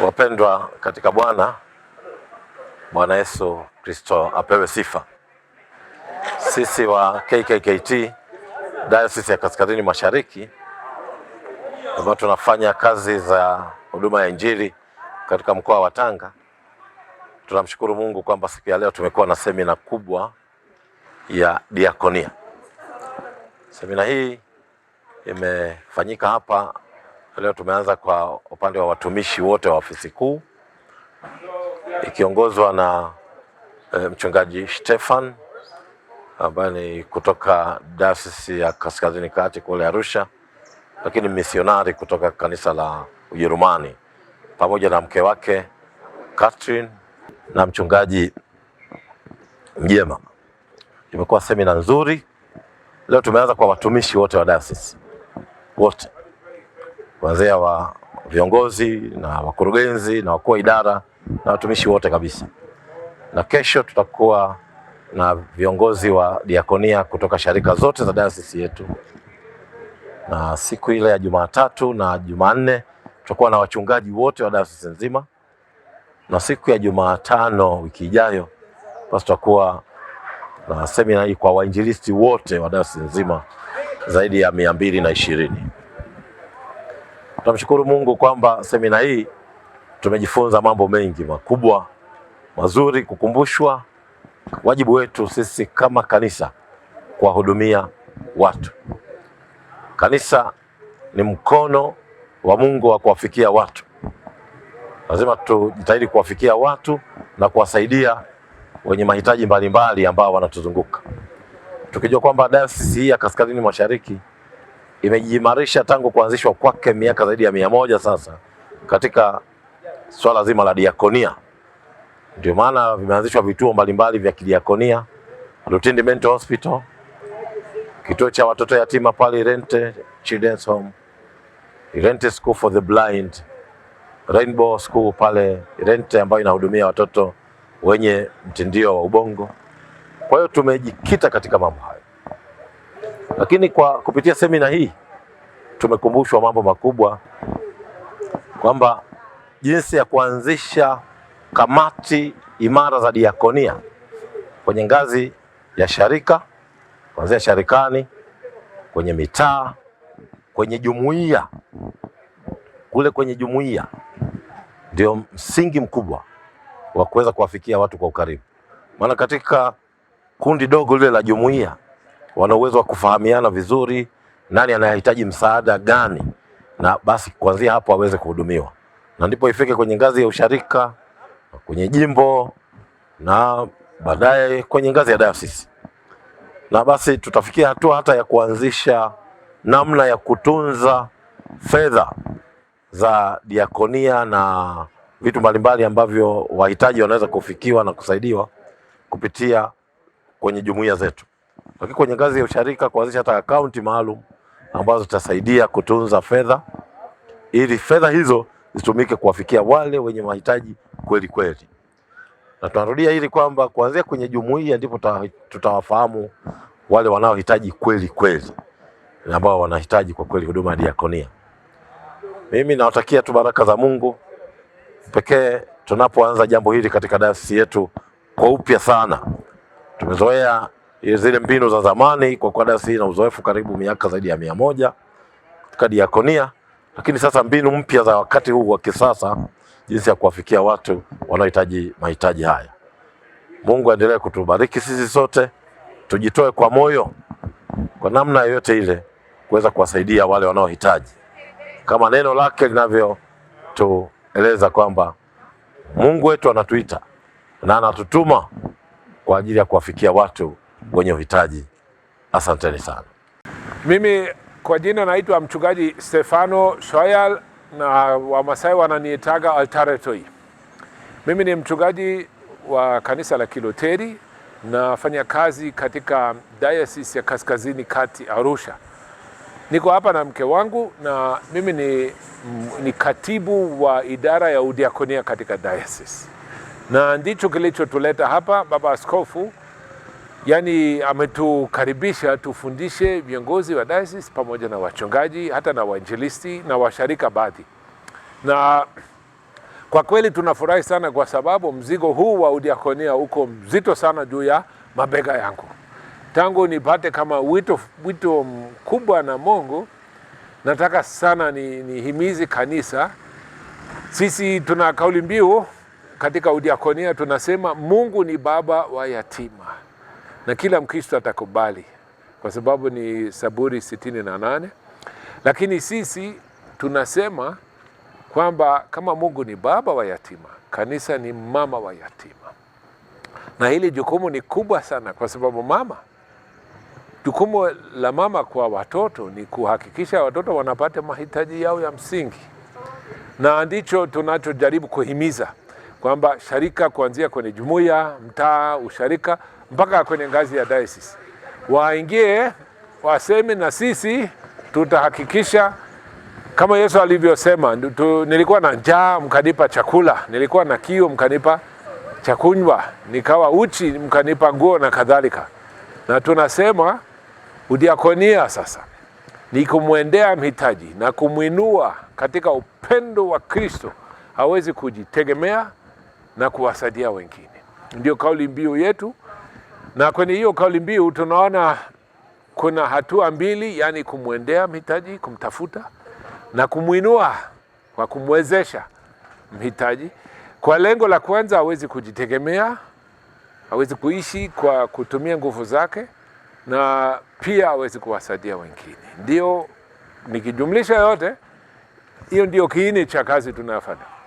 Wapendwa katika Bwana, Bwana Yesu Kristo apewe sifa. Sisi wa KKKT Dayosisi ya Kaskazini Mashariki ambao tunafanya kazi za huduma ya Injili katika mkoa wa Tanga, tunamshukuru Mungu kwamba siku ya leo tumekuwa na semina kubwa ya diakonia. Semina hii imefanyika hapa leo. Tumeanza kwa upande wa watumishi wote wa ofisi kuu ikiongozwa na e, mchungaji Stefan ambaye ni kutoka Dayosisi ya Kaskazini Kati kule Arusha, lakini misionari kutoka kanisa la Ujerumani pamoja na mke wake Catherine na mchungaji Mjema. Imekuwa semina nzuri. Leo tumeanza kwa watumishi wote wa dayosisi wote, kuanzia wa viongozi na wakurugenzi na wakuu wa idara na watumishi wote kabisa. Na kesho tutakuwa na viongozi wa diakonia kutoka sharika zote za dayosisi yetu, na siku ile ya Jumatatu na Jumanne tutakuwa na wachungaji wote wa dayosisi nzima, na siku ya Jumatano wiki ijayo basi tutakuwa na semina hii kwa wainjilisti wote wa dayosisi nzima zaidi ya mia mbili na ishirini. Tunamshukuru Mungu kwamba semina hii tumejifunza mambo mengi makubwa mazuri, kukumbushwa wajibu wetu sisi kama kanisa kuwahudumia watu. Kanisa ni mkono wa Mungu wa kuwafikia watu, lazima tujitahidi kuwafikia watu na kuwasaidia wenye mahitaji mbalimbali ambao wanatuzunguka tukijua kwamba Dayosisi hii ya Kaskazini Mashariki imejiimarisha tangu kuanzishwa kwake miaka zaidi ya mia moja sasa katika swala zima la diakonia. Ndio maana vimeanzishwa vituo mbalimbali vya kidiakonia, Lutindi Mental Hospital, kituo cha watoto yatima pale Irente Children's Home, Irente School for the Blind, Rainbow School pale Irente ambayo inahudumia watoto wenye mtindio wa ubongo. Kwa hiyo tumejikita katika mambo hayo, lakini kwa kupitia semina hii tumekumbushwa mambo makubwa, kwamba jinsi ya kuanzisha kamati imara za diakonia kwenye ngazi ya sharika, kuanzia sharikani, kwenye mitaa, kwenye jumuiya. Kule kwenye jumuiya ndio msingi mkubwa wa kuweza kuwafikia watu kwa ukaribu, maana katika kundi dogo lile la jumuiya wana uwezo wa kufahamiana vizuri, nani anayehitaji msaada gani, na basi kuanzia hapo aweze kuhudumiwa, na ndipo ifike kwenye ngazi ya usharika, kwenye jimbo na baadaye kwenye ngazi ya dayosisi, na basi tutafikia hatua hata ya kuanzisha namna ya kutunza fedha za diakonia na vitu mbalimbali ambavyo wahitaji wanaweza kufikiwa na kusaidiwa kupitia kwenye jumuiya zetu, lakini kwenye ngazi ya usharika kuanzisha hata akaunti maalum ambazo zitasaidia kutunza fedha ili fedha hizo zitumike kuwafikia wale wenye mahitaji kweli kweli. Na tunarudia hili kwamba kuanzia kwenye jumuiya ndipo tutawafahamu wale wanaohitaji kweli kweli ambao wanahitaji kwa kweli huduma ya diakonia. Mimi nawatakia tu baraka za Mungu pekee tunapoanza jambo hili katika dayosisi yetu kwa upya sana. Tumezoea zile mbinu za zamani kwa kuwa dasi na uzoefu karibu miaka zaidi ya mia moja katika diakonia, lakini sasa mbinu mpya za wakati huu wa kisasa, jinsi ya kuwafikia watu wanaohitaji mahitaji haya. Mungu aendelee kutubariki sisi sote, tujitoe kwa moyo kwa namna yoyote ile kuweza kuwasaidia wale wanaohitaji, kama neno lake linavyotueleza kwamba Mungu wetu anatuita na anatutuma kwa ajili ya kuwafikia watu wenye uhitaji. Asanteni sana. Mimi kwa jina naitwa mchungaji Stefano Shoyal na Wamasai wananiitaga Altaretoi. Mimi ni mchungaji wa kanisa la Kiloteri, nafanya kazi katika diocese ya Kaskazini Kati Arusha. Niko hapa na mke wangu na mimi ni, ni katibu wa idara ya udiakonia katika diocese na ndicho kilichotuleta hapa. Baba Askofu yani ametukaribisha tufundishe viongozi wa diocese pamoja na wachungaji hata na wainjilisti na washarika baadhi, na kwa kweli tunafurahi sana kwa sababu mzigo huu wa udiakonia uko mzito sana juu ya mabega yangu tangu nipate kama wito, wito mkubwa na Mungu. Nataka sana nihimizi ni kanisa, sisi tuna kauli mbiu katika udiakonia tunasema Mungu ni baba wa yatima, na kila Mkristo atakubali kwa sababu ni saburi sitini na nane. Lakini sisi tunasema kwamba kama Mungu ni baba wa yatima, kanisa ni mama wa yatima, na hili jukumu ni kubwa sana, kwa sababu mama, jukumu la mama kwa watoto ni kuhakikisha watoto wanapata mahitaji yao ya msingi, na ndicho tunachojaribu kuhimiza kwamba sharika kuanzia kwenye jumuiya, mtaa, usharika mpaka kwenye ngazi ya diocese waingie waseme, na sisi tutahakikisha kama Yesu alivyosema, nilikuwa na njaa mkanipa chakula, nilikuwa na kiu mkanipa chakunywa, nikawa uchi mkanipa nguo na kadhalika. Na tunasema udiakonia sasa ni kumwendea mhitaji na kumwinua katika upendo wa Kristo. Hawezi kujitegemea, na kuwasaidia wengine. Ndio kauli mbiu yetu, na kwenye hiyo kauli mbiu tunaona kuna hatua mbili, yaani kumwendea mhitaji, kumtafuta na kumwinua kwa kumwezesha mhitaji, kwa lengo la kwanza, hawezi kujitegemea, hawezi kuishi kwa kutumia nguvu zake, na pia hawezi kuwasaidia wengine. Ndio nikijumlisha yote, hiyo ndio kiini cha kazi tunayofanya.